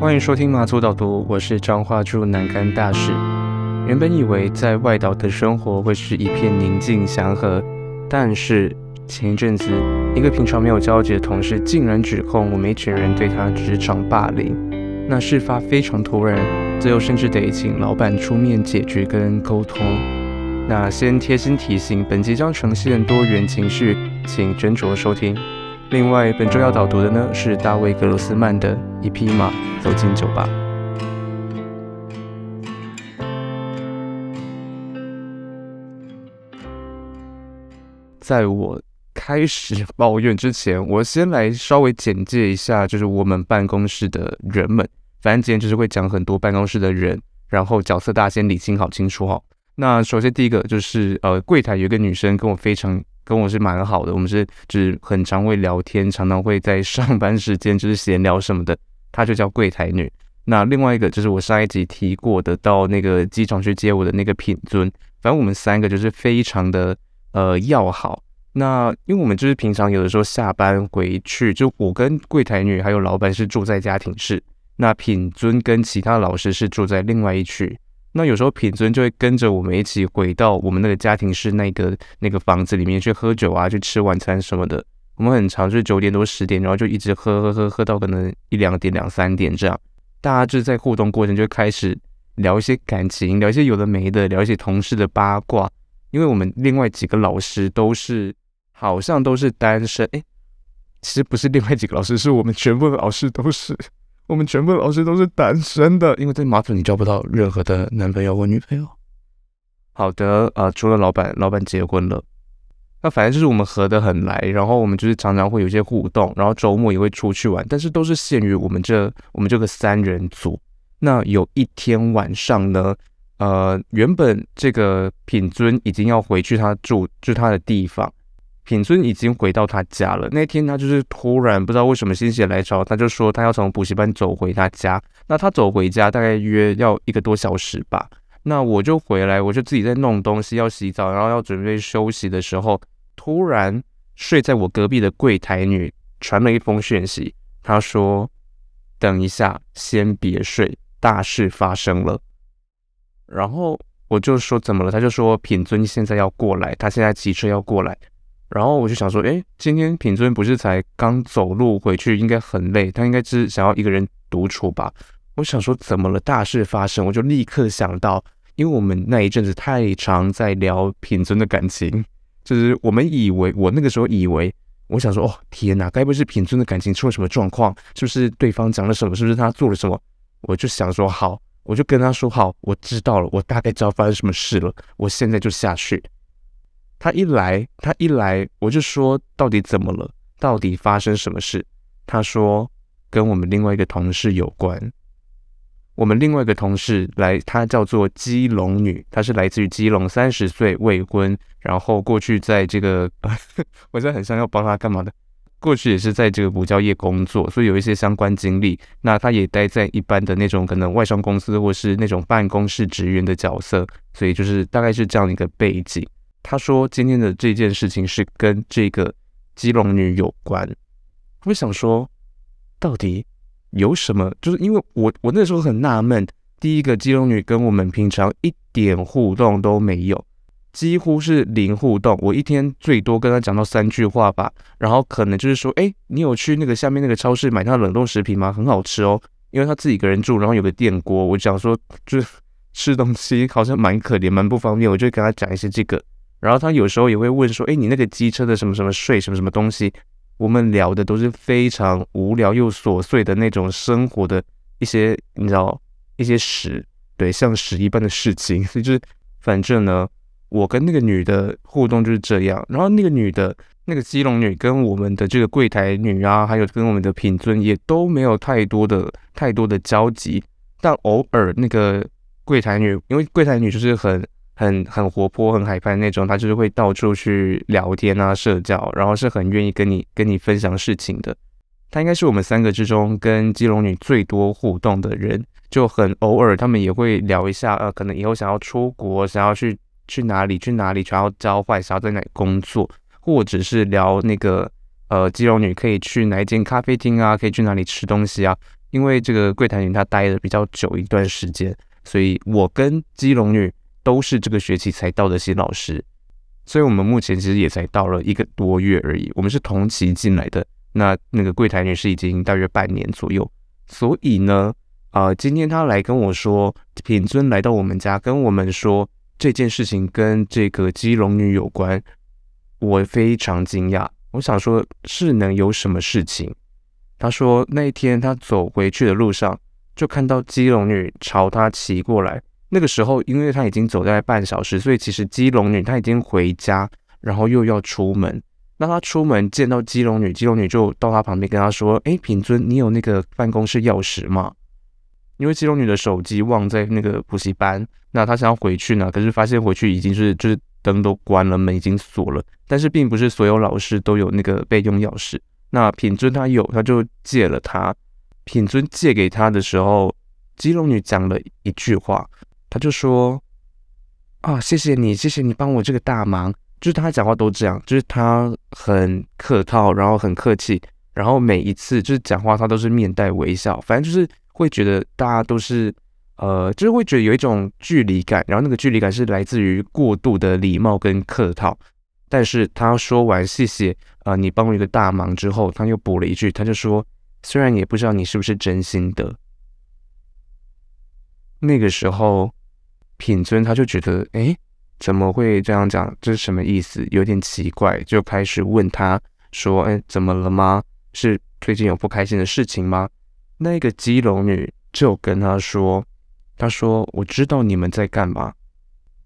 歡迎收聽馬祖島讀，我是彰化駐南竿大使。原本以為在外島的生活會是一片寧靜祥和，但是前一陣子，一個平常沒有交集的同事竟然指控我們一群人對他職場霸凌。那事發非常突然，最後甚至得請老闆出面解決跟溝通。那先貼心提醒，本集將呈現的多元情緒，請斟酌收聽。另外，本週要導讀的呢是大衛·格羅斯曼的《一匹馬走進酒吧》。在我開始抱怨之前，我先來稍微簡介一下，就是我們辦公室的人們。反正今天就是會講很多辦公室的人，然後角色大家先理清好清楚哈。那首先第一個就是，呃，櫃檯有一個女生跟我非常，跟我是蠻好的，我們是就是很常會聊天，常常會在上班時間就是閒聊什麼的。她就叫櫃檯女。那另外一個就是我上一集提過的，到那個機場去接我的那個品尊。反正我們三個就是非常的呃要好。那因為我們就是平常有的時候下班回去，就我跟櫃檯女還有老板是住在家庭室，那品尊跟其他老師是住在另外一區。那有時候品尊就會跟着我們一起回到我們那個家庭式，那個那個房子裡面去喝酒啊，去吃晚餐什麼的。我們很常就是九點多十點，然後就一直喝喝喝喝到可能一兩點、兩三點這樣。大家就在互動過程就開始聊一些感情，聊一些有的沒的，聊一些同事的八卦。因為我們另外幾個老師都是好像都是單身，哎，其實不是另外幾個老師，是我們全部的老師都是。我們全部老師都是單身的，因為在馬祖你交不到任何的男朋友或女朋友。好的，啊、呃，除了老板，老板結婚了。那反正就是我們合得很來，然後我們就是常常會有一些互動，然後周末也會出去玩，但是都是限於我們這我們這個三人組。那有一天晚上呢，呃，原本這個品尊已經要回去他住住他的地方。品尊已經回到他家了。那天他就是突然不知道為什麼心血來潮，他就說他要從補習班走回他家。那他走回家大概約要一個多小時吧。那我就回來，我就自己在弄東西，要洗澡，然後要準備休息的時候，突然睡在我隔壁的櫃台女傳了一封訊息，她說：“等一下，先別睡，大事發生了。”然後我就說：“怎麼了？”他就說：“品尊現在要過來，他現在騎車要過來。”然後我就想說，哎，今天品尊不是才剛走路回去，應該很累，他應該是想要一個人獨處吧？我想說，怎麼了？大事發生？我就立刻想到，因為我們那一陣子太常在聊品尊的感情，就是我們以為，我那個時候以為，我想說，哦，天哪，該不是品尊的感情出了什麼狀況？是不是對方講了什麼？是不是他做了什麼？我就想說，好，我就跟他說，好，我知道了，我大概知道發生什麼事了，我現在就下去。他一來，他一來，我就說到底怎麼了？到底發生什麼事？他說跟我們另外一個同事有關。我們另外一個同事來，他叫做基隆女，她是來自於基隆30，三十歲未婚，然後過去在這個呵呵我現在很想要幫他幹嘛的，過去也是在這個補教業工作，所以有一些相關經歷。那她也待在一般的那種可能外商公司或是那種辦公室職員的角色，所以就是大概是這樣一個背景。他說今天的這件事情是跟這個基隆女有關。我想說，到底有什麼？就是因為我我那時候很納悶。第一個，基隆女跟我們平常一點互動都沒有，幾乎是零互動。我一天最多跟她講到三句話吧，然後可能就是說：“哎，你有去那個下面那個超市買他冷凍食品嗎？很好吃哦。”因為他自己一個人住，然後有個電鍋。我想說，就是吃東西好像蠻可憐，蠻不方便。我就跟他講一些這個。然後他有時候也會問說：“哎，你那個機車的什麼什麼稅什麼什麼東西？”我們聊的都是非常無聊又瑣碎的那種生活的一些，你知道，一些屎，對，像屎一般的事情。所以就是，反正呢，我跟那個女的互動就是這樣。然後那個女的，那個基隆女跟我們的這個櫃台女啊，還有跟我們的品尊也都沒有太多的太多的交集。但偶爾那個櫃台女，因為櫃台女就是很。很很活潑、很海派的那種，他就是會到處去聊天啊、社交，然後是很願意跟你跟你分享事情的。他應該是我們三個之中跟基隆女最多互動的人，就很偶爾他們也會聊一下，呃，可能以後想要出國，想要去去哪裡、去哪裡，想要交換，想要在哪裡工作，或者是聊那個呃，基隆女可以去哪一間咖啡廳啊，可以去哪裡吃東西啊。因為這個櫃台女他待的比較久一段時間，所以我跟基隆女。都是這個學期才到的新老師，所以我們目前其實也才到了一個多月而已。我們是同期進來的，那那個櫃檯女士已經大約半年左右。所以呢，啊，今天她來跟我說，品尊來到我們家，跟我們說這件事情跟這個基隆女有關，我非常驚訝。我想說，是能有什麼事情？她說那一天她走回去的路上，就看到基隆女朝她騎過來。那個時候，因為他已經走在半小時，所以其實基隆女她已經回家，然後又要出門。那她出門見到基隆女，基隆女就到她旁邊跟她說：“誒，品尊，你有那個辦公室鑰匙嗎？”因為基隆女的手機忘在那個補習班，那她想要回去呢，可是發現回去已經是就是燈都關了，門已經鎖了。但是並不是所有老師都有那個備用鑰匙。那品尊她有，她就借了她。品尊借給她的時候，基隆女講了一句話。他就說：“啊，謝謝你，謝謝你幫我這個大忙。”就是他講話都這樣，就是他很客套，然後很客氣，然後每一次就是講話他都是面帶微笑，反正就是會覺得大家都是呃，就是會覺得有一種距離感。然後那個距離感是來自於過度的禮貌跟客套。但是他說完“謝謝啊、呃，你幫我一個大忙”之後，他又補了一句，他就說：“雖然也不知道你是不是真心的。”那個時候。品尊他就覺得，哎，怎麼會這樣講？這是什麽意思？有點奇怪，就開始問他，說，哎，怎麼了嗎？是最近有不開心的事情嗎？那個基隆女就跟他說，他說，我知道你們在幹嘛。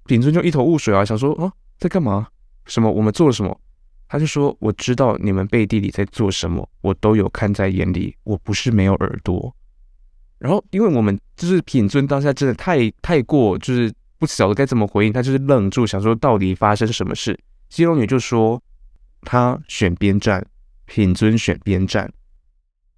品尊就一頭霧水啊，想說，啊、哦，在幹嘛？什麽？我們做了什麽？他就說，我知道你們背地裡在做什麽，我都有看在眼裡，我不是沒有耳朵。然後，因為我們就是品尊當下真的太太過，就是不曉得該怎麼回應，他就是愣住，想說到底發生什麼事。金龍女就說，她選邊站，品尊選邊站，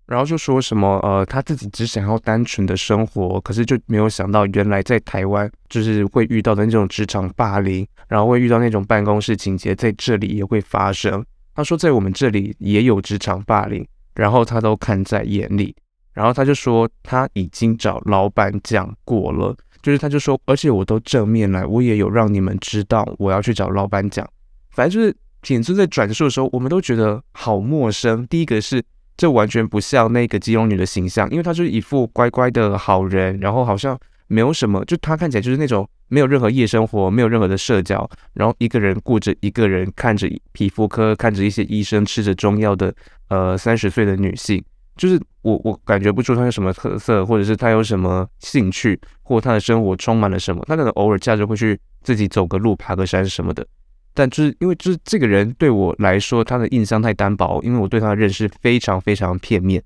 然後就說什麼呃，她自己只想要單純的生活，可是就沒有想到原來在台灣就是會遇到的那種職場霸凌，然後會遇到那種辦公室情節，在這裡也會發生。她說在我們這裡也有職場霸凌，然後她都看在眼裡。然後他就說他已經找老板講過了，就是他就說，而且我都正面來，我也有讓你們知道我要去找老板講。反正就是簡直在轉述的時候，我們都覺得好陌生。第一個是這完全不像那個金融女的形象，因為她就是一副乖乖的好人，然後好像沒有什麼，就她看起來就是那種沒有任何夜生活，沒有任何的社交，然後一個人顧着一個人看着皮膚科，看着一些醫生吃着中藥的，呃，三十歲的女性。就是我，我感覺不出他有什麼特色，或者是他有什麼興趣，或他的生活充滿了什麼。他可能偶爾假日會去自己走個路、爬個山什麼的。但就是因為就是這個人對我來說，他的印象太單薄，因為我對他的認識非常非常片面。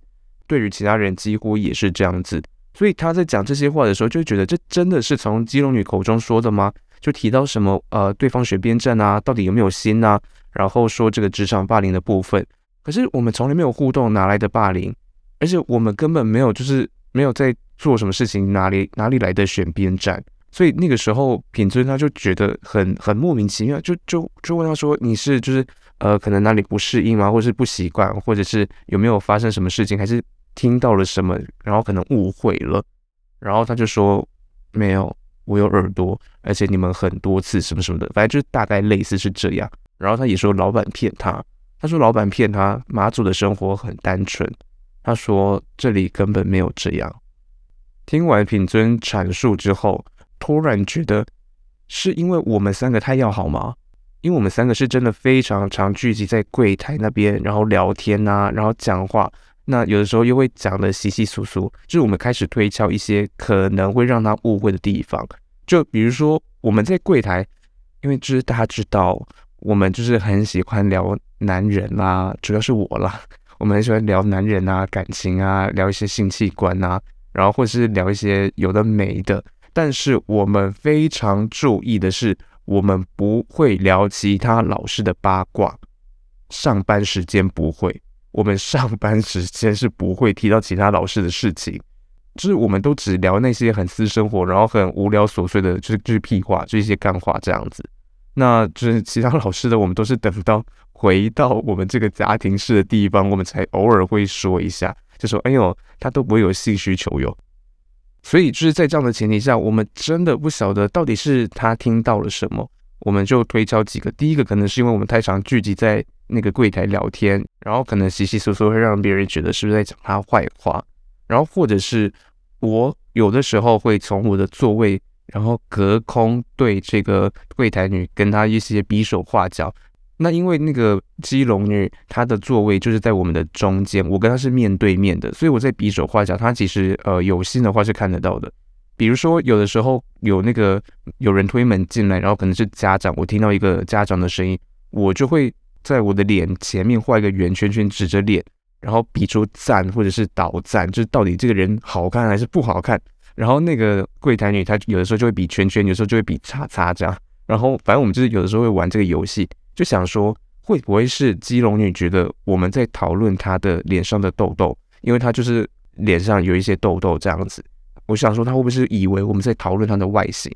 對於其他人幾乎也是這樣子。所以他在講這些話的時候，就覺得這真的是從基隆女口中說的嗎？就提到什麼呃，對方學編撰啊，到底有沒有心啊？然後說這個職場霸凌的部分。可是我們從來沒有互動，哪來的霸凌？而且我們根本沒有，就是沒有在做什麼事情，哪裡哪裡來的選邊站？所以那個時候品尊他就覺得很很莫名其妙，就就就問他說：“你是就是呃，可能哪裡不適應嗎？或者是不習慣，或者是有沒有發生什麼事情，還是聽到了什麼，然後可能誤會了？”然後他就說：“沒有，我有耳朵，而且你們很多次什麼什麼的，反正就是大概類似是這樣。”然後他也說：“老板騙他。”他說：“老闆騙他，馬祖的生活很單純。”他說：“這裡根本沒有這樣。”聽完品尊闡述之後，突然覺得是因為我們三個太要好嗎？因為我們三個是真的非常常聚集在櫃檯那邊，然後聊天啊，然後講話。那有的時候又會講得稀稀疏疏，就是我們開始推敲一些可能會讓他誤會的地方。就比如說我們在櫃檯，因為就是大家知道。我們就是很喜歡聊男人啊，主要是我啦。我們很喜歡聊男人啊，感情啊，聊一些性器官啊，然後或者是聊一些有的沒的。但是我們非常注意的是，我們不會聊其他老師的八卦。上班時間不會，我們上班時間是不會提到其他老師的事情，就是我們都只聊那些很私生活，然後很無聊瑣碎的，就是就是屁話，就一些幹話這樣子。那就是其他老師的，我們都是等到回到我們這個家庭式的地方，我們才偶爾會說一下，就說：“哎呦，他都不會有性需求喲。”所以就是在這樣的前提下，我們真的不曉得到底是他聽到了什麼。我們就推敲幾個，第一個可能是因為我們太常聚集在那個櫃檯聊天，然後可能窸窸窣窣會讓別人覺得是不是在講他壞話，然後或者是我有的時候會從我的座位。然後隔空對這個櫃檯女跟她一些比手畫腳，那因為那個基隆女她的座位就是在我們的中間，我跟她是面對面的，所以我在比手畫腳，她其實呃有心的話是看得到的。比如說有的時候有那個有人推門進來，然後可能是家長，我聽到一個家長的聲音，我就會在我的臉前面畫一個圓圈圈，指着臉，然後比出讚或者是倒讚，就是到底這個人好看還是不好看。然後那個櫃檯女，她有的時候就會比圈圈，有的時候就會比叉叉這樣。然後反正我們就是有的時候會玩這個遊戲，就想說會不會是基隆女覺得我們在討論她的臉上的痘痘，因為她就是臉上有一些痘痘這樣子。我想說她會不會是以為我們在討論她的外形？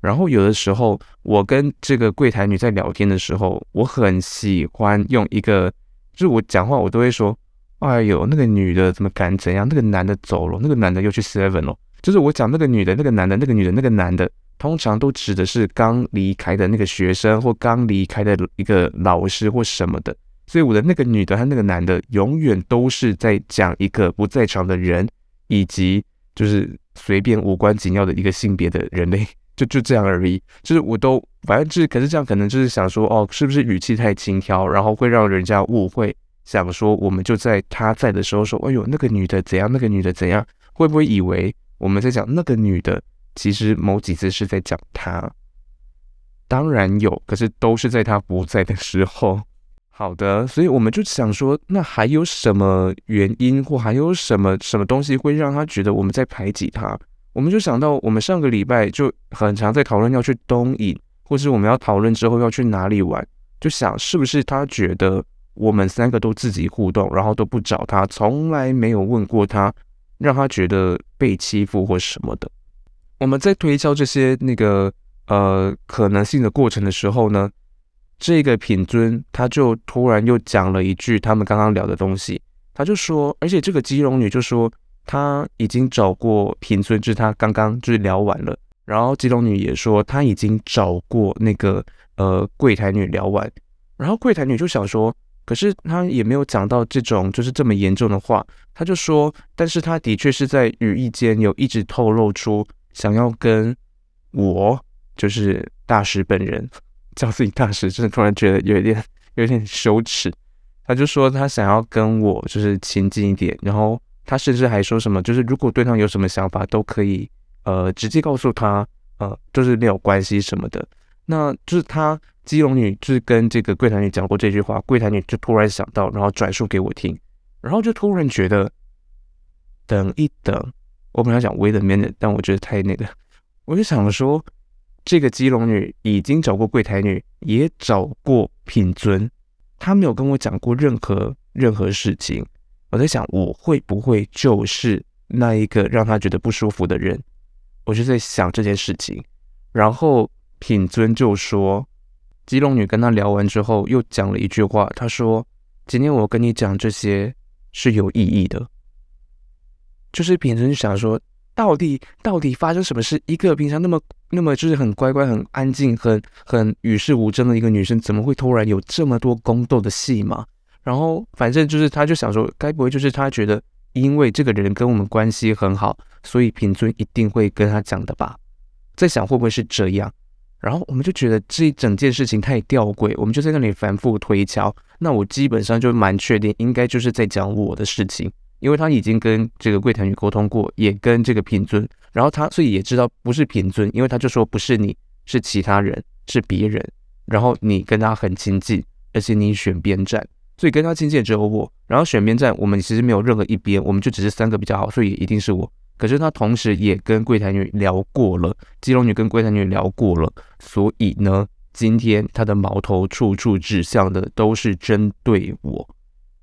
然後有的時候我跟這個櫃檯女在聊天的時候，我很喜歡用一個，就是我講話我都會說，哎呦，那個女的怎麼敢怎樣，那個男的走了，那個男的又去 seven 了。就是我講那個女的，那個男的，那個女的，那個男的，通常都指的是剛離開的那個學生或剛離開的一個老師或什麼的。所以我的那個女的和那個男的，永遠都是在講一個不在場的人，以及就是隨便無關緊要的一個性別的人類，就就這樣而已。就是我都反正就是，可是這樣可能就是想說，哦，是不是語氣太輕佻，然後會讓人家誤會，想說我們就在他在的時候說，哎呦，那個女的怎樣，那個女的怎樣，會不會以為？我們在講那個女的，其實某幾次是在講她，當然有，可是都是在她不在的時候。好的，所以我們就想說，那還有什麼原因或還有什麼什麼東西會讓她覺得我們在排擠她？我們就想到，我們上個禮拜就很常在討論要去東引，或是我們要討論之後要去哪裡玩，就想是不是她覺得我們三個都自己互動，然後都不找她，從來沒有問過她。讓他覺得被欺負或什麼的。我們在推敲這些那個呃可能性的過程的時候呢，這個品尊他就突然又講了一句他們剛剛聊的東西。他就說，而且這個姬龍女就說，他已經找過品尊，就是他剛剛就是聊完了。然後姬龍女也說，他已經找過那個呃櫃檯女聊完。然後櫃檯女就想說。可是他也沒有講到這種就是這麼嚴重的話，他就說，但是他的確是在語意間有一直透露出想要跟我，就是大使本人叫自己大使，真的突然覺得有一點有點羞恥。他就說他想要跟我就是親近一點，然後他甚至還說什麼就是如果對方有什麼想法都可以，呃，直接告訴他，呃，就是沒有關係什麼的。那就是她基隆女，就是跟這個櫃台女講過這句話，櫃台女就突然想到，然後轉述給我聽，然後就突然覺得，等一等，我本來想，想 wait a minute，但我覺得太那個，我就想說，這個基隆女已經找過櫃台女，也找過品尊，她沒有跟我講過任何任何事情，我在想我會不會就是那一個讓她覺得不舒服的人，我就在想這件事情，然後。品尊就說：“基隆女跟他聊完之後，又講了一句話。她說：‘今天我跟你講這些是有意義的。’就是品尊想說，到底到底發生什麼事？一個平常那麼那麼就是很乖乖、很安靜、很很與世無爭的一個女生，怎麼會突然有這麼多宮鬥的戲碼？然後反正就是她就想說，該不會就是她覺得，因為這個人跟我們關係很好，所以品尊一定會跟他講的吧？在想會不會是這樣？”然後我們就覺得這一整件事情太吊詭，我們就在那裡反覆推敲。那我基本上就蠻確定，應該就是在講我的事情，因為他已經跟這個櫃檯女溝通過，也跟這個平尊，然後他所以也知道不是平尊，因為他就說不是你，是其他人，是別人，然後你跟他很親近，而且你選邊站，所以跟他親近只有我，然後選邊站，我們其實沒有任何一邊，我們就只是三個比較好，所以也一定是我。可是他同時也跟櫃檯女聊過了，基隆女跟櫃檯女聊過了，所以呢，今天他的矛頭處處指向的都是針對我。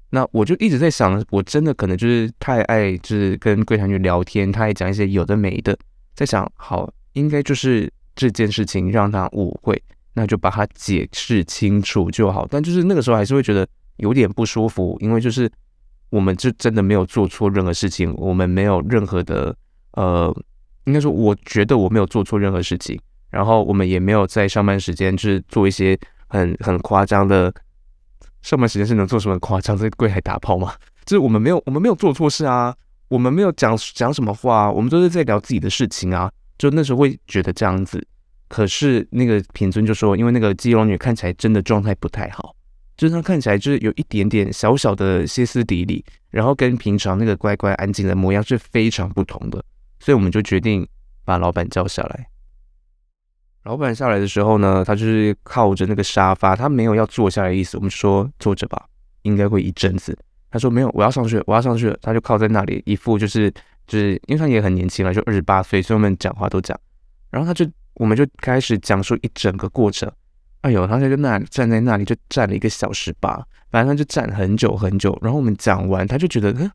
那我就一直在想，我真的可能就是太愛，就是跟櫃檯女聊天，太愛講一些有的沒的，在想，好，應該就是這件事情讓他誤會，那就把它解釋清楚就好。但就是那個時候還是會覺得有點不舒服，因為就是。我們就真的沒有做錯任何事情，我們沒有任何的呃，應該說，我覺得我沒有做錯任何事情。然後我們也沒有在上班時間，去做一些很很誇張的。上班時間是能做什麼誇張？在櫃檯打炮嗎？就是我們沒有，我們沒有做錯事啊。我們沒有講講什麼話啊，我們都是在聊自己的事情啊。就那時候會覺得這樣子，可是那個平尊就說，因為那個基隆女看起來真的狀態不太好。就他看起來就是有一點點小小的歇斯底里，然後跟平常那個乖乖安靜的模樣是非常不同的，所以我們就決定把老闆叫下來。老闆下來的時候呢，他就是靠着那個沙發，他沒有要坐下來的意思，我們說坐着吧，應該會一陣子。他說沒有，我要上去，我要上去了。他就靠在那裡，一副就是就是，因為他也很年輕嘛，就二十八歲，所以我們講話都講。然後他就，我們就開始講述一整個過程。哎呦，他就在那裡站在那裡就站了一個小時吧，反正他就站很久很久。然後我們講完，他就覺得，嗯，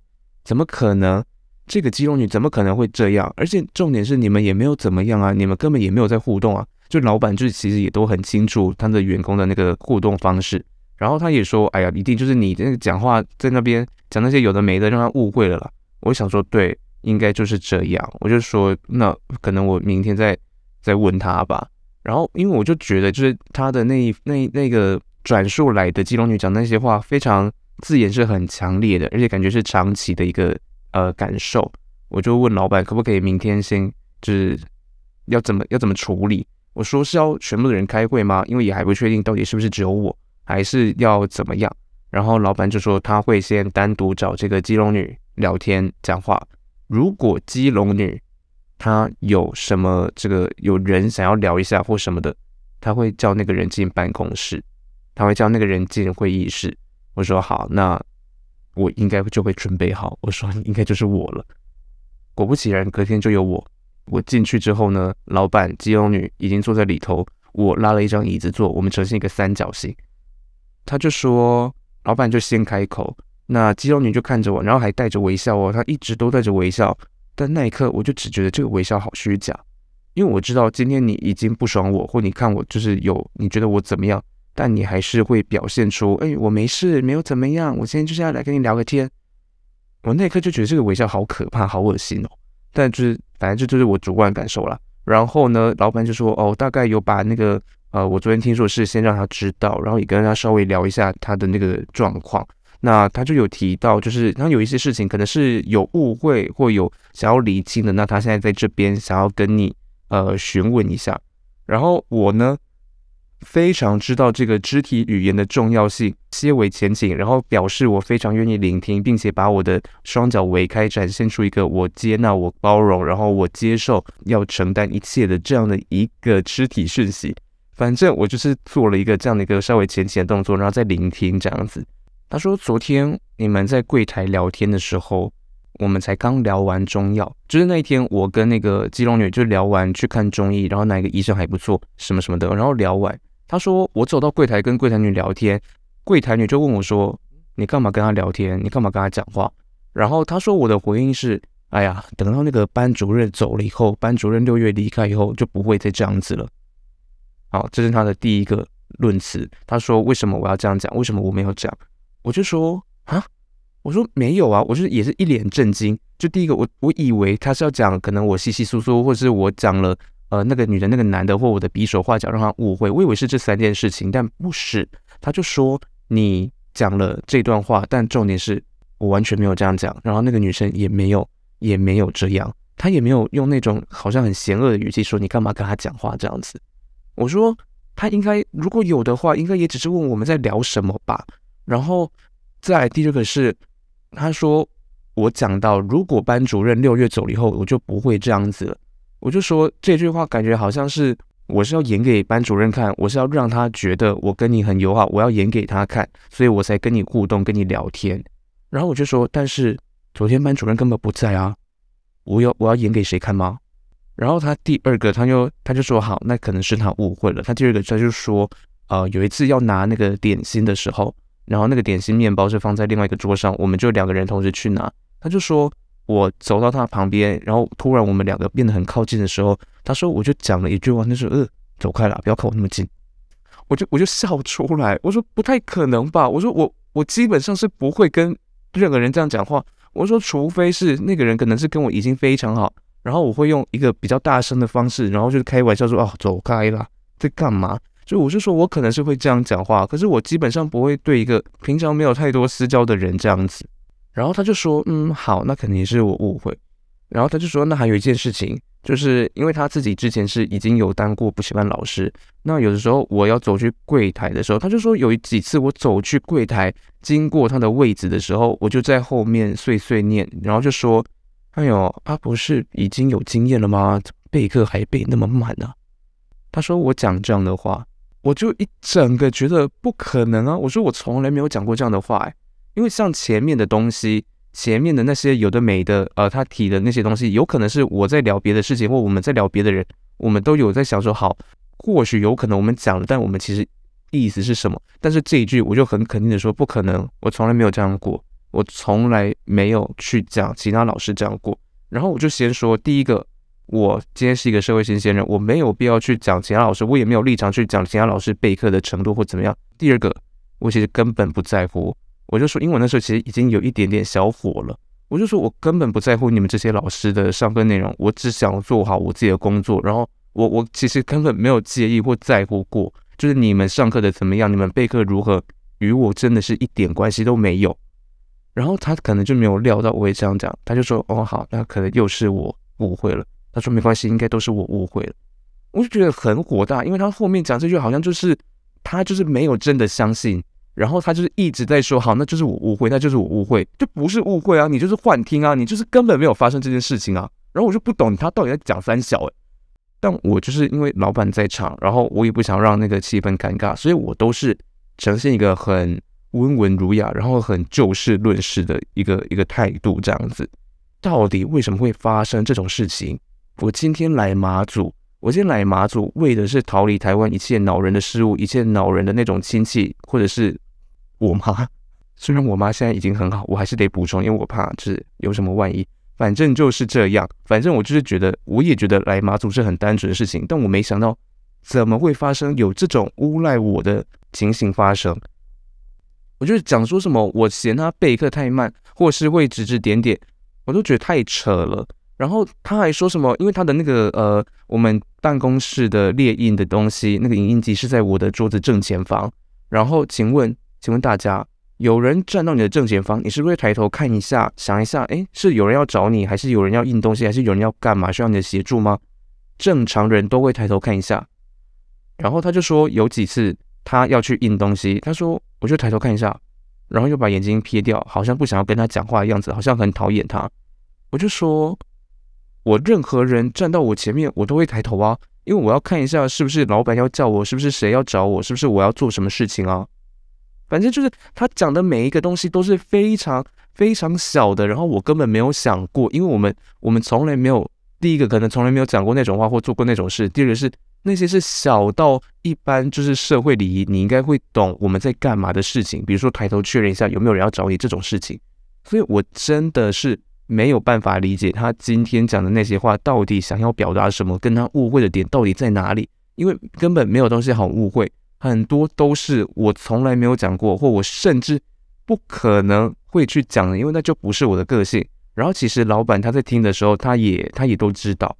怎麼可能？這個肌肉女怎麼可能會這樣？而且重點是你們也沒有怎麼樣啊，你們根本也沒有在互動啊。就老闆就其實也都很清楚他的員工的那個互動方式。然後他也說，哎呀，一定就是你那個講話在那邊講那些有的沒的，讓他誤會了啦。我想說，對，應該就是這樣。我就說，那可能我明天再再問他吧。然後，因為我就覺得，就是他的那那那個轉述來的基隆女講那些話，非常字眼是很強烈的，而且感覺是長期的一個呃感受。我就問老闆，可不可以明天先，就是要怎麼要怎麼處理？我說是要全部的人開會嗎？因為也還不確定到底是不是只有我，還是要怎麼樣。然後老闆就說他會先單獨找這個基隆女聊天講話，如果基隆女。他有什麼這個有人想要聊一下或什麼的，他會叫那個人進辦公室，他會叫那個人進會議室。我說好，那我應該就會準備好。我說應該就是我了。果不其然，隔天就有我。我進去之後呢，老闆肌肉女已經坐在裡頭，我拉了一張椅子坐，我們呈現一個三角形。他就說，老闆就先開口，那肌肉女就看着我，然後還帶着微笑哦，她一直都帶着微笑。但那一刻，我就只覺得這個微笑好虛假，因為我知道今天你已經不爽我，或你看我就是有你覺得我怎麼樣，但你還是會表現出，哎，我沒事，沒有怎麼樣，我今天就是要來跟你聊個天。我那一刻就覺得這個微笑好可怕，好噁心哦。但就是，反正這就是我主觀的感受了。然後呢，老闆就說，哦，大概有把那個，呃，我昨天聽說的事先讓他知道，然後也跟他稍微聊一下他的那個狀況。那他就有提到，就是他有一些事情可能是有誤會或有想要釐清的，那他現在在這邊想要跟你呃詢問一下。然後我呢非常知道這個肢體語言的重要性，稍微前傾，然後表示我非常願意聆聽，並且把我的雙腳微開展，展現出一個我接納、我包容，然後我接受要承擔一切的這樣的一個肢體訊息。反正我就是做了一個這樣的一個稍微前傾的動作，然後再聆聽這樣子。他說：“昨天你們在櫃檯聊天的時候，我們才剛聊完中藥。就是那一天，我跟那個基隆女就聊完去看中醫，然後那個醫生還不錯，什麼什麼的。然後聊完，他說我走到櫃檯跟櫃檯女聊天，櫃檯女就問我說：‘你幹嘛跟她聊天？你幹嘛跟她講話？’然後他說我的回應是：‘哎呀，等到那個班主任走了以後，班主任六月離開以後，就不會再這樣子了。’好，這是他的第一個論詞。他說：‘為什麼我要這樣講？為什麼我沒有講。我就說啊，我說沒有啊，我就是也是一臉震驚。就第一個，我我以為他是要講，可能我稀稀疏疏，或者是我講了呃那個女的、那個男的，或我的比手畫腳讓他誤會。我以為是這三件事情，但不是。他就說你講了這段話，但重點是我完全沒有這樣講。然後那個女生也沒有，也沒有這樣，她也沒有用那種好像很嫌惡的語氣說你干嘛跟他講話這樣子。我說他應該如果有的話，應該也只是問我們在聊什麼吧。然後，再，第二個是，他說我講到如果班主任六月走了以後，我就不會這樣子了。我就說這句話，感覺好像是我是要演給班主任看，我是要讓他覺得我跟你很友好，我要演給他看，所以我才跟你互動、跟你聊天。然後我就說，但是昨天班主任根本不在啊，我要我要演給誰看嗎？然後他第二個，他又他就說好，那可能是他誤會了。他第二個，他就說，呃，有一次要拿那個點心的時候。然後那個點心麵包是放在另外一個桌上，我們就兩個人同時去拿。他就說，我走到他旁邊，然後突然我們兩個變得很靠近的時候，他說我就講了一句話，他說，呃，走開啦，不要靠我那麼近。我就我就笑出來，我說不太可能吧，我說我我基本上是不會跟任何人這樣講話。我說除非是那個人可能是跟我已經非常好，然後我會用一個比較大聲的方式，然後就是開玩笑說，哦，走開啦，在幹嘛？就我是說，我可能是會這樣講話，可是我基本上不會對一個平常沒有太多私交的人這樣子。然後他就說，嗯，好，那肯定也是我誤會。然後他就說，那還有一件事情，就是因為他自己之前是已經有當過補習班老師，那有的時候我要走去櫃台的時候，他就說有幾次我走去櫃台經過他的位置的時候，我就在後面碎碎念，然後就說，哎呦，他、啊、不是已經有經驗了嗎？備課還備那麼慢呢、啊？他說我講這樣的話。我就一整個覺得不可能啊！我說我從來沒有講過這樣的話誒，因為像前面的東西，前面的那些有的沒的，呃，他提的那些東西，有可能是我在聊別的事情，或我們在聊別的人，我們都有在想說，好，或許有可能我們講了，但我們其實意思是什麼？但是這一句，我就很肯定的說，不可能，我從來沒有這樣過，我從來沒有去講其他老師這樣過。然後我就先說第一個。我今天是一個社會新鮮人，我沒有必要去講其他老師，我也沒有立場去講其他老師備課的程度或怎麼樣。第二個，我其實根本不在乎。我就說，因為我那時候其實已經有一點點小火了。我就說我根本不在乎你們這些老師的上課內容，我只想做好我自己的工作。然後我我其實根本沒有介意或在乎過，就是你們上課的怎麼樣，你們備課如何，與我真的是一點關係都沒有。然後他可能就沒有料到我會這樣講，他就說：“哦，好，那可能又是我誤會了。”他說：“沒關係，應該都是我誤會了。”我就覺得很火大，因為他後面講這句，好像就是他就是沒有真的相信，然後他就是一直在說：“好，那就是我誤會，那就是我誤會，就不是誤會啊，你就是幻聽啊，你就是根本沒有發生這件事情啊。”然後我就不懂他到底在講三小哎，但我就是因為老闆在場，然後我也不想讓那個氣氛尷尬，所以我都是呈現一個很溫文儒雅，然後很就事論事的一個一個態度這樣子。到底為什麼會發生這種事情？我今天來馬祖，我今天來馬祖為的是逃離台灣一切惱人的事物，一切惱人的那種親戚，或者是我媽。雖然我媽現在已經很好，我還是得補充，因為我怕是有什麼萬一。反正就是這樣，反正我就是覺得，我也覺得來馬祖是很單純的事情。但我沒想到，怎麼會發生有這種誣賴我的情形發生？我就是講說什麼，我嫌他備課太慢，或是會指指點點，我都覺得太扯了。然後他還說什麼？因為他的那個呃，我們辦公室的列印的東西，那個影印機是在我的桌子正前方。然後請問，請問大家，有人站到你的正前方，你是不是抬頭看一下，想一下，誒，是有人要找你，還是有人要印東西，還是有人要幹嘛，需要你的協助嗎？正常人都會抬頭看一下。然後他就說有幾次他要去印東西，他說我就抬頭看一下，然後又把眼睛撇掉，好像不想要跟他講話的樣子，好像很討厭他。我就說。我任何人站到我前面，我都會抬頭啊，因為我要看一下是不是老板要叫我，是不是誰要找我，是不是我要做什麼事情啊。反正就是他講的每一個東西都是非常非常小的，然後我根本沒有想過，因為我們我們從來沒有第一個可能從來沒有講過那種話或做過那種事，第二個是那些是小到一般就是社會禮儀你應該會懂我們在幹嘛的事情，比如說抬頭確認一下有沒有人要找你這種事情，所以我真的是。沒有辦法理解他今天講的那些話到底想要表達什麼，跟他誤會的點到底在哪裡？因為根本沒有東西好誤會，很多都是我從來沒有講過，或我甚至不可能會去講的，因為那就不是我的個性。然後其實老板他在聽的時候，他也他也都知道，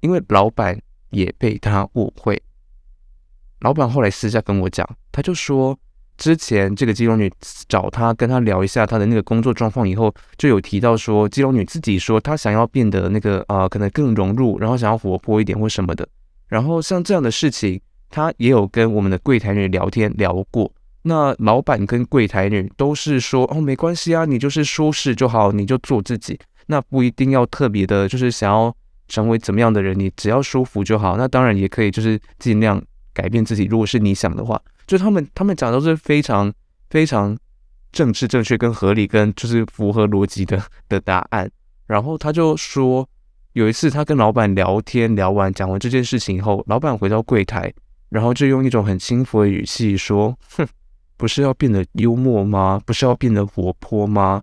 因為老板也被他誤會。老板後來私下跟我講，他就說，之前這個肌肉女找他，跟他聊一下他的那個工作狀況以後，就有提到說，肌肉女自己說她想要變得那個啊、呃，可能更融入，然後想要活潑一點或什麼的。然後像這樣的事情，她也有跟我們的櫃檯女聊天聊過。那老闆跟櫃檯女都是說，哦，沒關係啊，你就是舒適就好，你就做自己，那不一定要特別的，就是想要成為怎麼樣的人，你只要舒服就好。那當然也可以，就是盡量改變自己，如果是你想的話。就他們，他們講都是非常非常政治正確，跟合理，跟就是符合邏輯的的答案。然後他就說，有一次他跟老闆聊天，聊完講完這件事情以後，老闆回到櫃檯，然後就用一種很輕浮的語氣說：“哼，不是要變得幽默嗎？不是要變得活潑嗎？”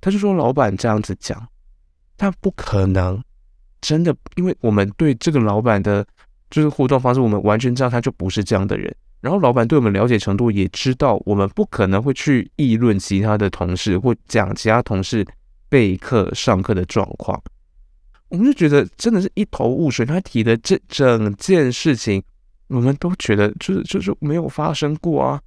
他就說，老闆這樣子講，但不可能，真的，因為我們對這個老闆的，就是互動方式，我們完全知道他就不是這樣的人。然後老闆對我們了解程度也知道，我們不可能會去議論其他的同事，或講其他同事備課上課的狀況。我們就覺得真的是一頭霧水。他提的這整件事情，我們都覺得就是就是沒有發生過啊。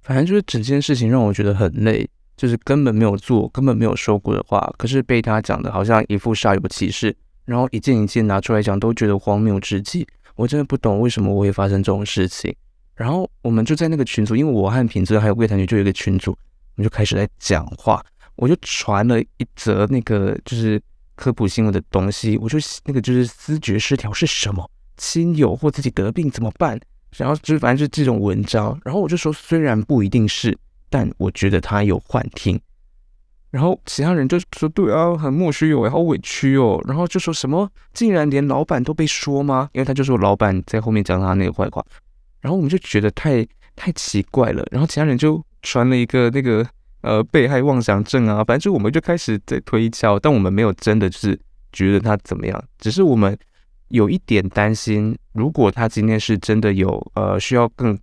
反正就是整件事情讓我覺得很累，就是根本沒有做，根本沒有說過的話，可是被他講的，好像一副煞有其事，然後一件一件拿出來講，都覺得荒謬至極。我真的不懂為什麼我會發生這種事情。然後我們就在那個群組，因為我和品子還有櫃檯菊就有一個群組，我們就開始在講話。我就傳了一則那個就是科普新聞的東西，我就那個就是思覺失調是什麼，親友或自己得病怎麼辦，然後就反正就是這種文章。然後我就說，雖然不一定是，但我覺得他有幻聽。然後其他人就說：“對啊，很莫須有，好委屈哦！”然後就說什麼“竟然連老闆都被說嗎？”因為他就說老闆在後面講他那個壞話。然後我們就覺得太太奇怪了，然後其他人就傳了一個那個呃被害妄想症啊，反正就我們就開始在推敲，但我們沒有真的就是覺得他怎麼樣，只是我們有一點擔心，如果他今天是真的有呃需要更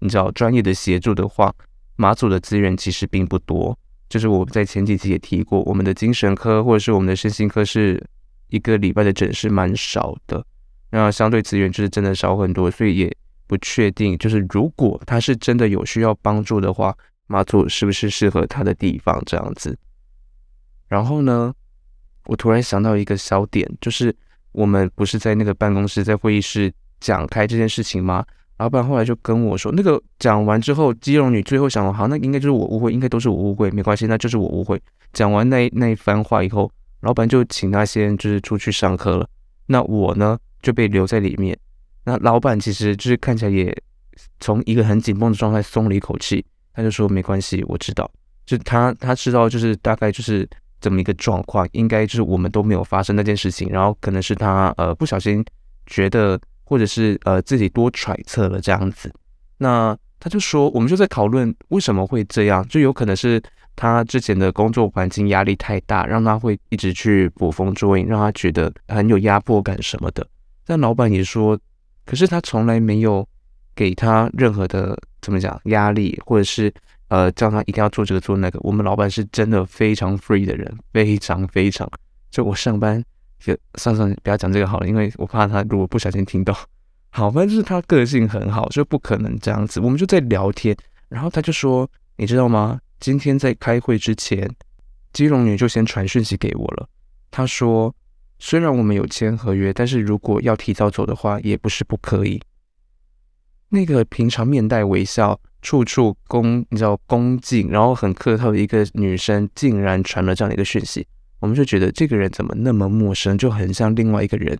你知道專業的協助的話，馬祖的資源其實並不多，就是我在前幾期也提過，我們的精神科或者是我們的身心科是一個禮拜的診是蠻少的，那相對資源就是真的少很多，所以也。不確定，就是如果他是真的有需要幫助的話，馬祖是不是適合他的地方這樣子？然後呢，我突然想到一個小點，就是我們不是在那個辦公室，在會議室講開這件事情嗎？老闆後來就跟我說，那個講完之後，基隆女最後想了，好，那應該就是我誤會，應該都是我誤會，沒關係，那就是我誤會。講完那那一番話以後，老闆就請那些人就是出去上課了，那我呢就被留在裡面。那老闆其實就是看起來也從一個很緊繃的狀態鬆了一口氣，他就說，沒關係，我知道，就他他知道就是大概就是這麼一個狀況，應該就是我們都沒有發生那件事情，然後可能是他呃不小心覺得或者是呃自己多揣測了這樣子，那他就說我們就在討論為什麼會這樣，就有可能是他之前的工作環境壓力太大，讓他會一直去捕風捉影，讓他覺得很有壓迫感什麼的，但老闆也說，可是他從來沒有給他任何的怎麼講壓力，或者是呃叫他一定要做這個做那個。我們老闆是真的非常 free 的人，非常非常。就我上班就算算，不要講這個好了，因為我怕他如果不小心聽到。好，反正就是他個性很好，就不可能這樣子。我們就在聊天，然後他就說：“你知道嗎？今天在開會之前，金融女就先傳訊息給我了。他說。”雖然我們有簽合約，但是如果要提早走的話，也不是不可以。那個平常面帶微笑、處處恭，你知道恭敬，然後很客套的一個女生，竟然傳了這樣的一個訊息，我們就覺得這個人怎麼那麼陌生，就很像另外一個人。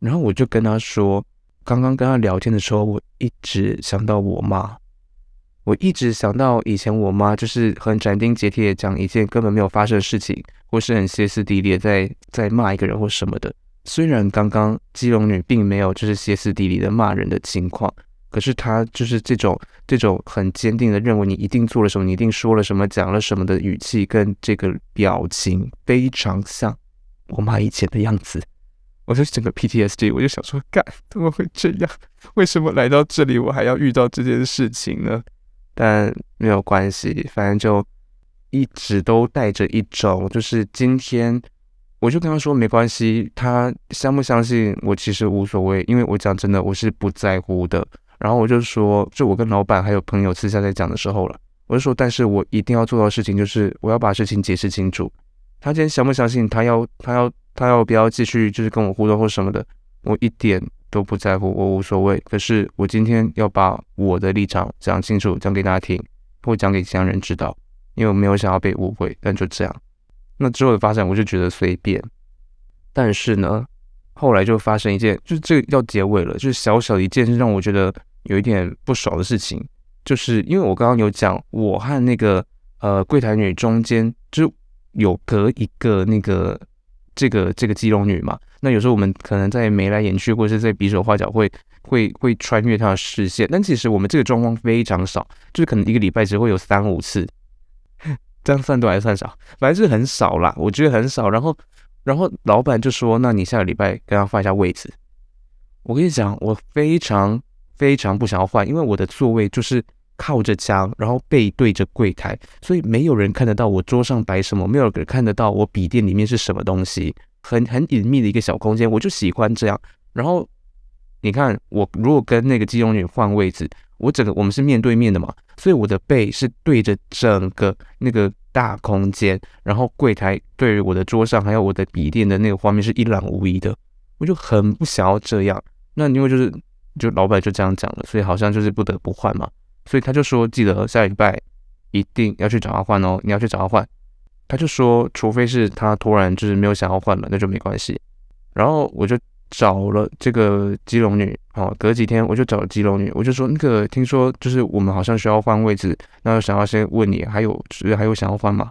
然後我就跟她說，剛剛跟她聊天的時候，我一直想到我媽。我一直想到以前我媽，就是很斬釘截鐵講一件根本沒有發生的事情，或是很歇斯底里的在在罵一個人或什麼的。雖然剛剛基隆女並沒有就是歇斯底里的罵人的情況，可是她就是這種這種很堅定的認為你一定做了什麼，你一定說了什麼，講了什麼的語氣跟這個表情非常像我媽以前的樣子。我就整個 PTSD，我就想說，幹，怎麼會這樣？為什麼來到這裡我還要遇到這件事情呢？但沒有關係，反正就一直都帶着一種，就是今天我就跟他說沒關係，他相不相信我其實無所謂，因為我講真的我是不在乎的。然後我就說，就我跟老闆還有朋友私下在講的時候了，我就說，但是我一定要做到的事情就是我要把事情解釋清楚。他今天相不相信他要，他要他要他要不要繼續就是跟我互動或什麼的，我一點都不在乎，我無所謂。可是我今天要把我的立場講清楚，講給大家聽，或講給其他人知道。因為我沒有想要被誤會，但就這樣。那之後的發展，我就覺得隨便。但是呢，後來就發生一件，就是這個要結尾了，就是小小一件事讓我覺得有一點不爽的事情，就是因為我剛剛有講，我和那個呃櫃檯女中間就有隔一個那個。這個這個雞肉女嘛，那有時候我們可能在眉來眼去，或者是在比手畫腳會，會會會穿越她的視線。但其實我們這個狀況非常少，就是可能一個禮拜只會有三五次， 這樣算多還是算少？反正是很少啦。我覺得很少。然後然後老闆就說，那你下個禮拜跟他換一下位置。我跟你講，我非常非常不想要換，因為我的座位就是。靠着牆，然後背對着櫃檯，所以沒有人看得到我桌上擺什麼，沒有人看得到我筆電裡面是什麼東西，很很隱秘的一個小空間，我就喜歡這樣。然後你看，我如果跟那個金融女換位置，我整個我們是面對面的嘛，所以我的背是對着整個那個大空間，然後櫃檯對於我的桌上還有我的筆電的那個畫面是一覽無遺的，我就很不想要這樣。那因為就是就老闆就這樣講了，所以好像就是不得不換嘛。所以他就說，記得下禮拜一定要去找他換哦。你要去找他換，他就說，除非是他突然就是沒有想要換了，那就沒關係。然後我就找了這個基隆女，隔幾天我就找了基隆女，我就說，那個聽說就是我們好像需要換位置，那我想要先問你，還有還有想要換嗎？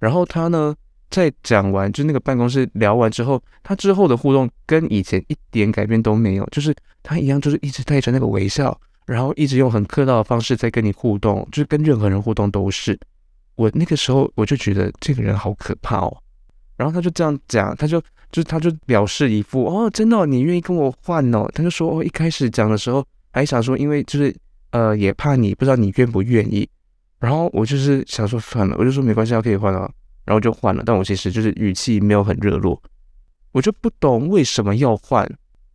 然後他呢，在講完就是、那個辦公室聊完之後，他之後的互動跟以前一點改變都沒有，就是他一樣，就是一直帶着那個微笑。然後一直用很客套的方式在跟你互動，就是跟任何人互動都是。我那個時候，我就覺得這個人好可怕哦。然後他就這樣講，他就就他就表示一副哦，真的哦，你願意跟我換哦，他就說哦，一開始講的時候還想說，因為就是呃也怕你不知道你願不願意。然後我就是想說算了，我就說沒關係，我可以換啊，然後就換了。但我其實就是語氣沒有很熱絡，我就不懂為什麼要換。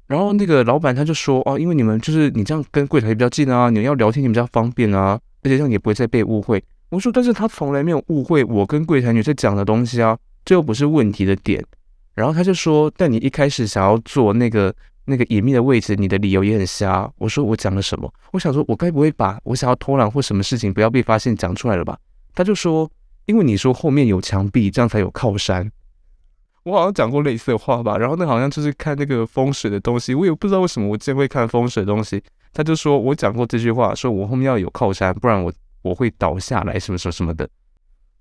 然後那個老闆他就說哦、啊，因為你們就是你這樣跟櫃檯女比較近啊，你們要聊天你們比較方便啊，而且這樣也不會再被誤會。我說，但是他從來沒有誤會我跟櫃檯女在講的東西啊，這又不是問題的點。然後他就說，但你一開始想要坐那個那個隱秘的位置，你的理由也很瞎。我說我講了什麼？我想說我該不會把我想要偷懶或什麼事情不要被發現講出來了吧？他就說，因為你說後面有牆壁，這樣才有靠山。我好像講過類似的話吧，然後那好像就是看那個風水的東西，我也不知道為什麼我竟然會看風水的東西。他就說我講過這句話，說我後面要有靠山，不然我我會倒下來什麼什麼什麼的。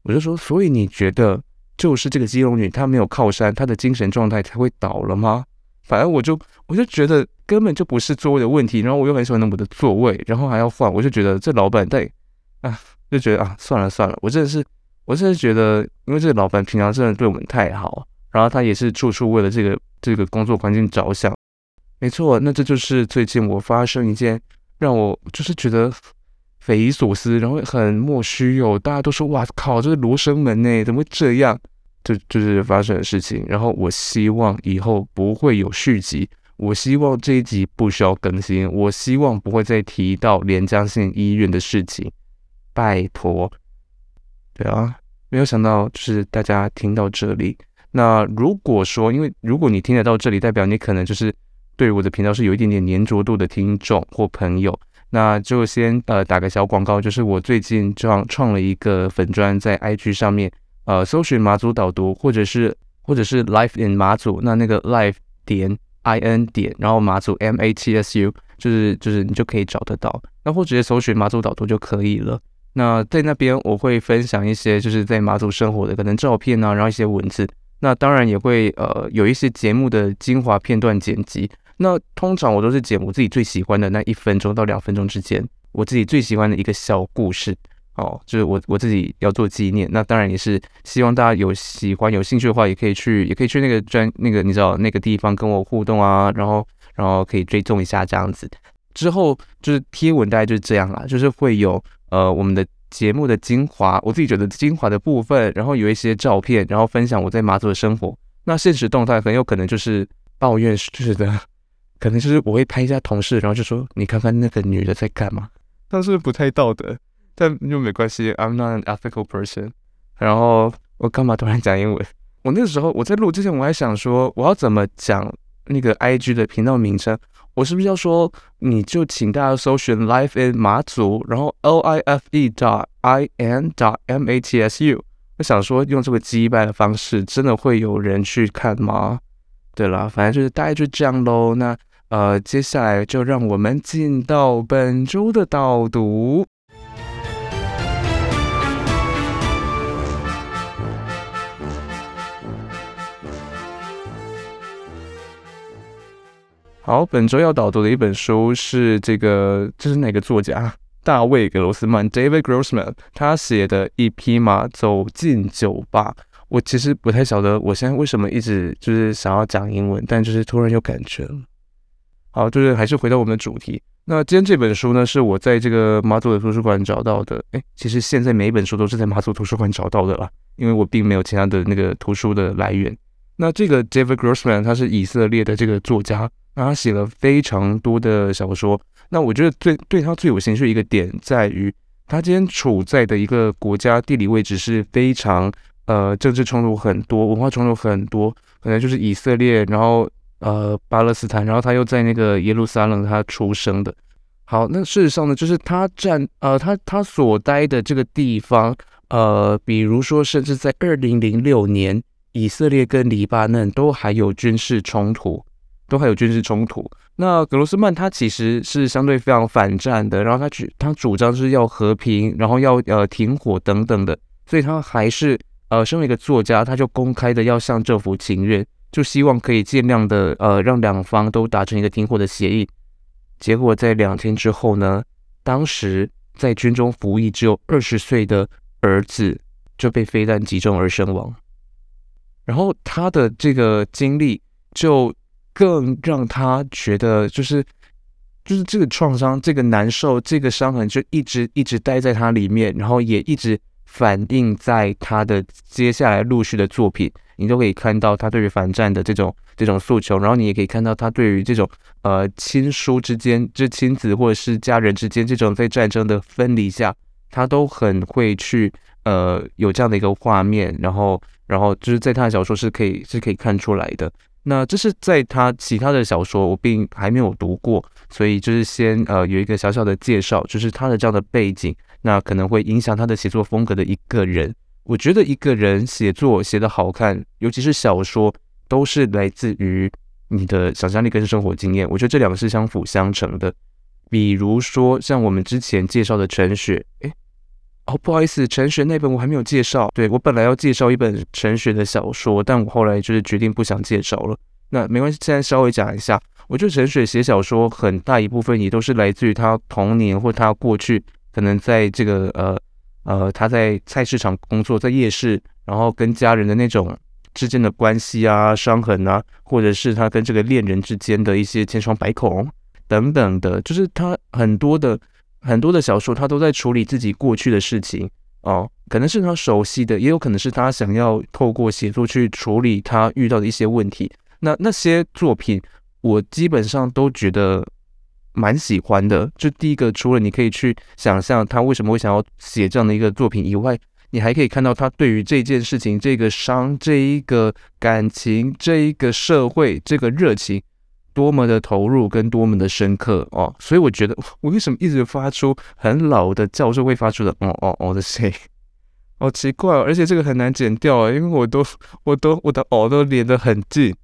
我就說，所以你覺得就是這個肌肉女她沒有靠山，她的精神狀態才會倒了嗎？反正我就我就覺得根本就不是座位的問題。然後我又很喜歡那我的座位，然後還要換，我就覺得這老板在啊，就覺得啊算了算了，我真的是我真的覺得，因為這個老板平常真的對我們太好。然後他也是處處為了這個這個工作環境着想，沒錯。那這就是最近我發生一件讓我就是覺得匪夷所思，然後很莫須有，哦。大家都說：“哇靠，這是羅生門呢？怎麼會這樣？”就就是發生的事情。然後我希望以後不會有續集，我希望這一集不需要更新，我希望不會再提到連江縣醫院的事情。拜托，對啊，沒有想到，就是大家聽到這裡。那如果說，因為如果你聽得到這裡，代表你可能就是對我的頻道是有一點點黏着度的聽眾或朋友，那就先呃打個小廣告，就是我最近這樣創了一個粉專在 IG 上面，呃，搜尋馬祖島讀，或者是或者是 Life in 馬祖，那那個 Life 點 I N 點，然後馬祖 M A T S U，就是就是你就可以找得到，那或直接搜尋馬祖島讀就可以了。那在那邊我會分享一些就是在馬祖生活的可能照片啊，然後一些文字。那當然也會呃有一些節目的精華片段剪輯，那通常我都是剪我自己最喜歡的那一分鐘到兩分鐘之間，我自己最喜歡的一個小故事哦，就是我我自己要做紀念。那當然也是希望大家有喜歡有興趣的話，也可以去也可以去那個專那個你知道那個地方跟我互動啊，然後然後可以追蹤一下這樣子。之後就是貼文大概就是這樣啦，就是會有呃我們的，節目的精華，我自己覺得精華的部分，然後有一些照片，然後分享我在馬祖的生活。那限時動態很有可能就是抱怨式的，就是，可能就是我會拍一下同事，然後就說你看看那個女的在幹嘛，但是不太道德，但又沒關係，I'm not an ethical person。然後我幹嘛突然講英文？我那個時候我在錄之前我還想說我要怎麼講。那個 I G 的頻道名稱，我是不是要說你就請大家搜尋 Life in 馬祖，然後 L I F E 點 I N 點 M A T S U？我想說用這個擊敗的方式，真的會有人去看嗎？對了，反正就是大概就這樣嘍。那呃，接下來就讓我們進到本周的島讀。好，本週要導讀的一本書是這個，這、就是哪個作家？大衛·格羅斯曼 （David Grossman），他寫的《一匹馬走進酒吧》。我其實不太曉得，我現在為什麼一直就是想要講英文，但就是突然有感覺了。好，就是還是回到我們的主題。那今天這本書呢，是我在這個馬祖的圖書館找到的。哎、欸，其實現在每一本書都是在馬祖圖書館找到的啦，因為我並沒有其他的那個圖書的來源。那這個 David Grossman，他是以色列的這個作家，那他寫了非常多的小說。那我覺得最對他最有興趣的一個點，在於他今天處在的一個國家地理位置是非常呃，政治衝突很多，文化衝突很多，可能就是以色列，然後呃巴勒斯坦，然後他又在那個耶路撒冷他出生的。好，那事實上呢，就是他站呃他他所待的這個地方，呃，比如說甚至在2006年。以色列跟黎巴嫩都還有軍事衝突，都還有軍事衝突。那格羅斯曼他其實是相對非常反戰的，然後他主他主張是要和平，然後要呃停火等等的。所以他還是呃身為一個作家，他就公開的要向政府請願，就希望可以盡量的呃讓兩方都達成一個停火的協議。結果在兩天之後呢，當時在軍中服役只有二十歲的兒子就被飛彈擊中而身亡。然後他的這個經歷就更讓他覺得，就是就是這個創傷、這個難受、這個傷痕就一直一直待在他裡面，然後也一直反映在他的接下來陸續的作品。你都可以看到他對於反戰的這種這種訴求，然後你也可以看到他對於這種呃親屬之間、這、就是、親子或者是家人之間這種在戰爭的分離下，他都很會去呃有這樣的一個畫面，然後。然後就是在他的小說是可以是可以看出來的。那這是在他其他的小說，我並還沒有讀過，所以就是先呃有一個小小的介紹，就是他的這樣的背景，那可能會影響他的寫作風格的一個人。我覺得一個人寫作寫得好看，尤其是小說，都是來自於你的想象力跟生活經驗。我覺得這兩個是相輔相成的。比如說像我們之前介紹的陳雪，哎。哦，不好意思，陳雪那本我還沒有介紹。對，我本來要介紹一本陳雪的小說，但我後來就是決定不想介紹了。那沒關係，現在稍微講一下。我覺得陳雪寫小說很大一部分也都是來自於他童年或他過去，可能在這個呃呃，他、呃、在菜市場工作，在夜市，然後跟家人的那種之間的關係啊、傷痕啊，或者是他跟這個戀人之間的一些千瘡百孔等等的，就是他很多的。很多的小說，他都在處理自己過去的事情哦，可能是他熟悉的，也有可能是他想要透過寫作去處理他遇到的一些問題。那那些作品，我基本上都覺得蠻喜歡的。就第一個，除了你可以去想象他為什麼會想要寫這樣的一個作品以外，你還可以看到他對於這件事情、這個傷、這一個感情、這一個社會、這個熱情。多麼的投入跟多麼的深刻哦，所以我覺得我為什麼一直發出很老的教授會發出的“哦哦哦”的聲音，好奇怪哦，而且這個很難剪掉哎，因為我都我都我的“哦”都連得很近。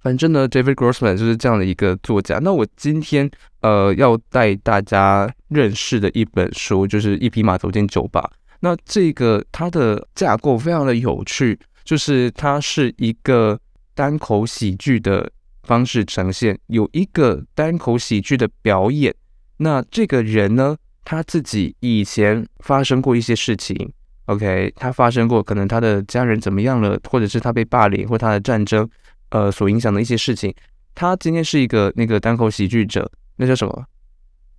反正呢，David Grossman 就是這樣的一個作家。那我今天呃要帶大家認識的一本書就是《一匹馬走進酒吧》。那這個它的架構非常的有趣，就是它是一個單口喜劇的。方式呈現有一個單口喜劇的表演，那這個人呢，他自己以前發生過一些事情，OK，他發生過可能他的家人怎麼樣了，或者是他被霸凌或他的戰爭，呃，所影響的一些事情。他今天是一個那個單口喜劇者，那叫什麼？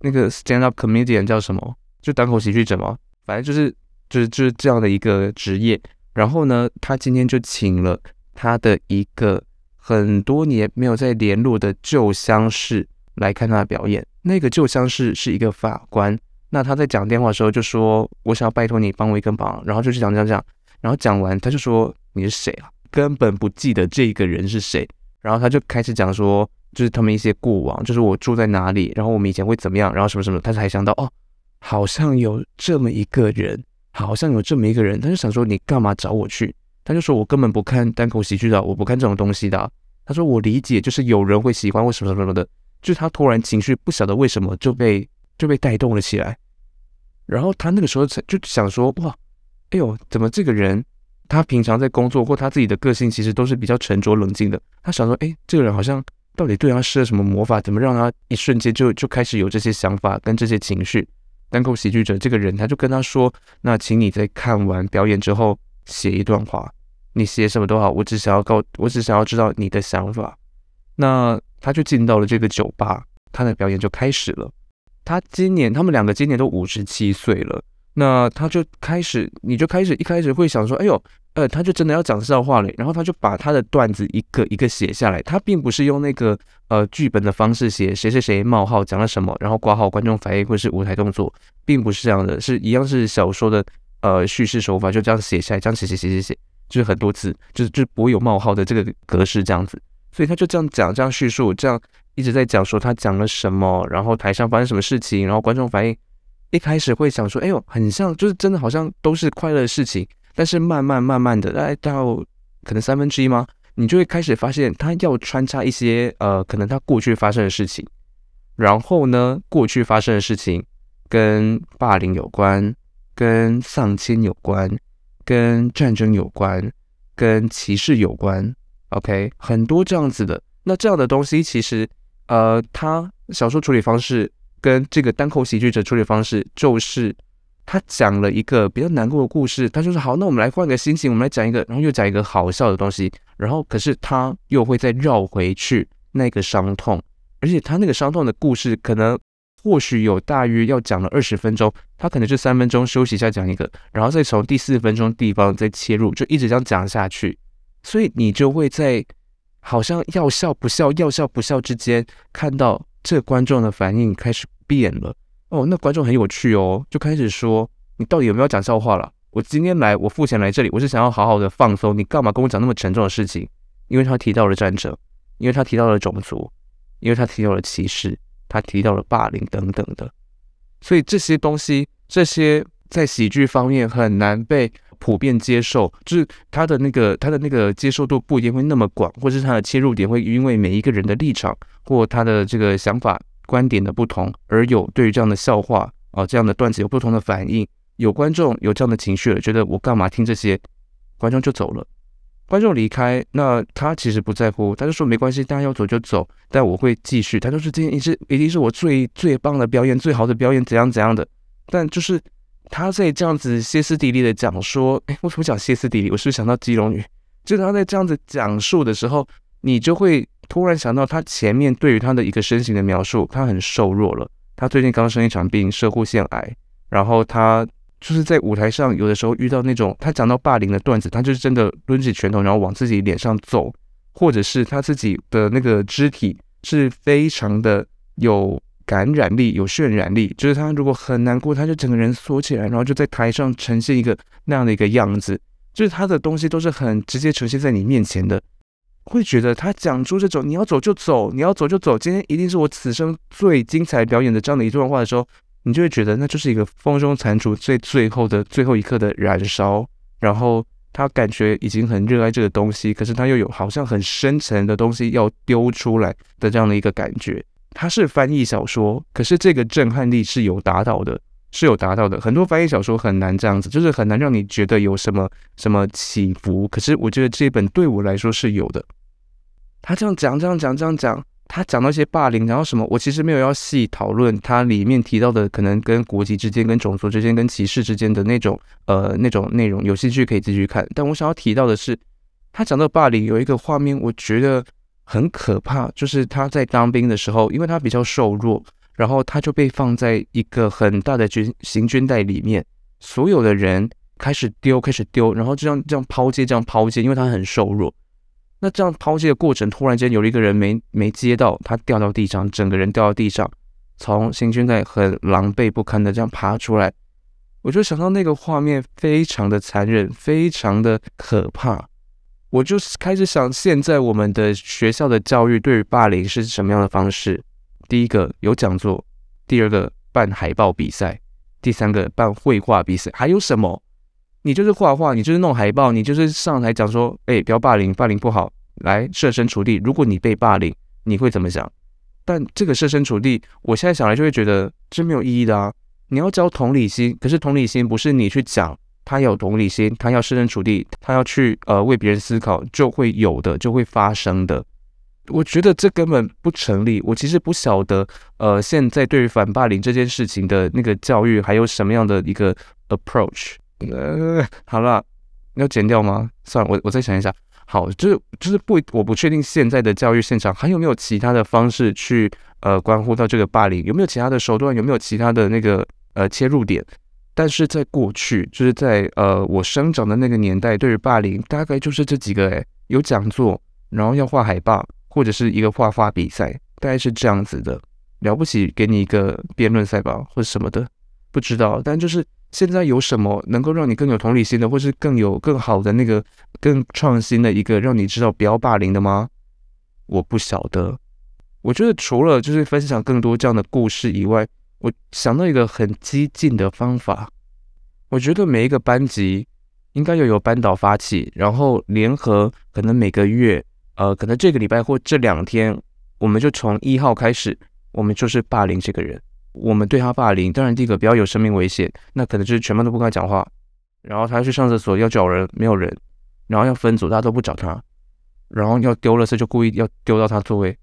那個 stand up comedian 叫什麼？就單口喜劇者嗎？反正就是就是就是這樣的一個職業。然後呢，他今天就請了他的一個。很多年沒有再聯絡的舊相識來看他的表演。那個舊相識是一個法官。那他在講電話的時候就說：“我想要拜托你幫我一個忙。”然後就是講講講，然後講完他就說：“你是誰啊？”根本不記得這個人是誰。然後他就開始講說，就是他們一些過往，就是我住在哪裡，然後我們以前會怎麼樣，然後什麼什麼。但是還想到哦，好像有這麼一個人，好像有這麼一個人。他就想說：“你幹嘛找我去？”他就說：“我根本不看單口喜劇的，我不看這種東西的啊。”他說：“我理解，就是有人會喜歡為什麼什麼什麼的。”就他突然情緒不曉得為什麼就被就被帶動了起來。然後他那個時候才就想說：“哇，哎呦，怎麼這個人。他平常在工作或他自己的個性其實都是比較沉着冷靜的。”他想說：“哎，這個人好像到底對他施了什麼魔法？怎麼讓他一瞬間就就開始有這些想法跟這些情緒？”單口喜劇者這個人，他就跟他說：“那請你在看完表演之後寫一段話。”你寫什麼都好，我只想要告，我只想要知道你的想法。那他就進到了這個酒吧，他的表演就開始了。他今年，他們兩個今年都五十七歲了。那他就開始，你就開始一開始會想說，哎呦，呃，他就真的要講笑話了。然後他就把他的段子一個一個寫下來。他並不是用那個呃劇本的方式寫誰誰誰冒號講了什麼，然後括號觀眾反應或是舞台動作，並不是這樣的，是一樣是小說的呃敘事手法，就這樣寫下來，這樣寫寫寫寫寫。就是很多次，就是就是，不會有冒號的這個格式這樣子，所以他就這樣講，這樣敘述，這樣一直在講說他講了什麼，然後台上發生什麼事情，然後觀眾反應。一開始會想說，哎呦，很像，就是真的好像都是快樂的事情。但是慢慢慢慢的，大概到可能三分之一嗎？你就會開始發現他要穿插一些呃，可能他過去發生的事情。然後呢，過去發生的事情跟霸凌有關，跟喪親有關。跟戰爭有關，跟歧視有關，OK，很多這樣子的。那這樣的東西其實，呃，他小說處理方式跟這個單口喜劇者處理方式，就是他講了一個比較難過的故事，他就是好，那我們來換個心情，我們來講一個，然後又講一個好笑的東西，然後可是他又會再繞回去那個傷痛，而且他那個傷痛的故事可能。或許有大約要講了二十分鐘，他可能就三分鐘休息一下講一個，然後再從第四分鐘地方再切入，就一直這樣講下去。所以你就會在好像要笑不笑，要笑不笑之間，看到這觀眾的反應開始變了。哦，那觀眾很有趣哦，就開始說，你到底有沒有講笑話了？我今天來，我付錢來這裡，我是想要好好的放鬆，你幹嘛跟我講那麼沉重的事情？因為他提到了戰爭，因為他提到了種族，因為他提到了歧視。他提到了霸凌等等的，所以這些東西，這些在喜劇方面很難被普遍接受，就是他的那個他的那個接受度不一定會那麼廣，或者是他的切入點會因為每一個人的立場或他的這個想法、觀點的不同而有對於這樣的笑話啊，這樣的段子有不同的反應，有觀眾有這樣的情緒了，覺得我幹嘛聽這些，觀眾就走了。觀眾離開，那他其實不在乎，他就說沒關係，大家要走就走，但我會繼續。他就是今天一直，一定是我最最棒的表演，最好的表演，怎樣怎樣的。但就是他在這樣子歇斯底里的講說，哎、欸，為什麼講歇斯底里？我是不是想到基隆女？就是他在這樣子講述的時候，你就會突然想到他前面對於他的一個身形的描述，他很瘦弱了，他最近剛生一場病，攝護腺癌，然後他。就是在舞台上，有的時候遇到那種他講到霸凌的段子，他就是真的掄起拳頭，然後往自己臉上揍，或者是他自己的那個肢體是非常的有感染力、有渲染力。就是他如果很難過，他就整個人縮起來，然後就在台上呈現一個那樣的一個樣子。就是他的東西都是很直接呈現在你面前的，會覺得他講出這種“你要走就走，你要走就走，今天一定是我此生最精彩表演”的這樣的一段話的時候，你就會覺得那就是一個風中殘燭最最後的最後一刻的燃燒，然後他感覺已經很熱愛這個東西，可是他又有好像很深層的東西要丟出來的這樣的一個感覺。他是翻譯小說，可是這個震撼力是有達到的，是有達到的。很多翻譯小說很難這樣子，就是很難讓你覺得有什麼什麼起伏。可是我覺得這一本對我來說是有的。他這樣講，這樣講，這樣講。他講到一些霸凌，講到什麼？我其實沒有要細討論他裡面提到的可能跟國籍之間、跟種族之間、跟歧視之間的那種呃那種內容，有興趣可以繼續看。但我想要提到的是，他講到霸凌有一個畫面，我覺得很可怕，就是他在當兵的時候，因為他比較瘦弱，然後他就被放在一個很大的軍行軍袋裡面，所有的人開始丟，開始丟，然後就這樣這樣拋接，這樣拋接，因為他很瘦弱。那這樣拋接的過程，突然間有一個人沒沒接到，他掉到地上，整個人掉到地上，從行軍袋很狼狽不堪的這樣爬出來，我就想到那個畫面非常的殘忍，非常的可怕。我就開始想，現在我們的學校的教育對於霸凌是什麼樣的方式？第一個有講座，第二個辦海報比賽，第三個辦繪畫比賽，還有什麼？你就是畫畫，你就是弄海報，你就是上台講說，哎、欸，不要霸凌，霸凌不好。來設身處地，如果你被霸凌，你會怎麼想？但這個設身處地，我現在想來就會覺得這沒有意義的啊！你要教同理心，可是同理心不是你去講他有同理心，他要設身處地，他要去呃為別人思考，就會有的，就會發生的。我覺得這根本不成立。我其實不曉得呃，現在對於反霸凌這件事情的那個教育，還有什麼樣的一個 approach？呃，好啦，要剪掉嗎？算了，我我再想一下。好，就是就是不，我不確定現在的教育現場還有沒有其他的方式去呃，關乎到這個霸凌，有沒有其他的手段，有沒有其他的那個呃切入點？但是在過去，就是在呃我生長的那個年代，對於霸凌大概就是這幾個：哎，有講座，然後要畫海報或者是一個畫畫比賽，大概是這樣子的。了不起，給你一個辯論賽吧，或者什麼的，不知道，但就是。現在有什麼能夠讓你更有同理心的，或是更有更好的那個更創新的一個，讓你知道不要霸凌的嗎？我不曉得。我覺得除了就是分享更多這樣的故事以外，我想到一個很激進的方法。我覺得每一個班級應該要有，由班導發起，然後聯合，可能每個月，呃，可能這個禮拜或這兩天，我們就從一號開始，我們就是霸凌這個人。我們對他霸凌，當然第一個不要有生命危險，那可能就是全班都不敢講話。然後他去上廁所要找人，沒有人。然後要分組，大家都不找他。然後要丟垃圾，他就故意要丟到他座位，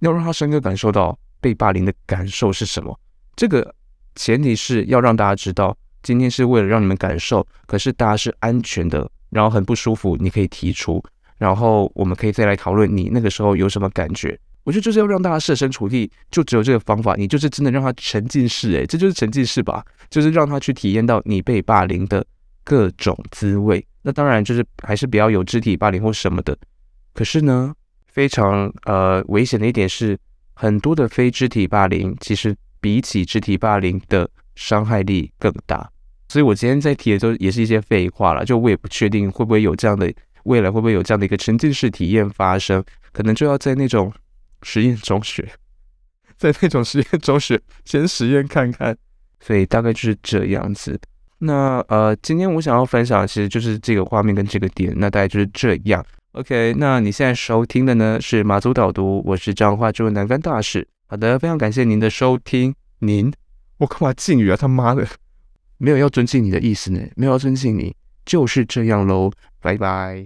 要讓他深刻感受到被霸凌的感受是什麼。這個前提是要讓大家知道，今天是為了讓你們感受，可是大家是安全的，然後很不舒服，你可以提出，然後我們可以再來討論你那個時候有什麼感覺。我覺得就是要讓大家設身處地，就只有這個方法，你就是真的讓他沉浸式，哎，這就是沉浸式吧，就是讓他去體驗到你被霸凌的各種滋味。那當然就是還是不要有肢體霸凌或什麼的，可是呢，非常呃危險的一點是，很多的非肢體霸凌其實比起肢體霸凌的傷害力更大。所以我今天在提的就也是一些廢話了，就我也不確定會不會有這樣的未來，會不會有這樣的一個沉浸式體驗發生，可能就要在那種。實驗中學，在那種實驗中學先實驗看看，所以大概就是這樣子。那呃，今天我想要分享的其實就是這個畫面跟這個點，那大概就是這樣。OK，那你現在收聽的呢是馬祖島讀，我是彰化州南竿大使。好的，非常感謝您的收聽。您，我幹嘛敬語啊？他媽的，沒有要尊敬你的意思呢，沒有要尊敬你，就是這樣嘍。拜拜。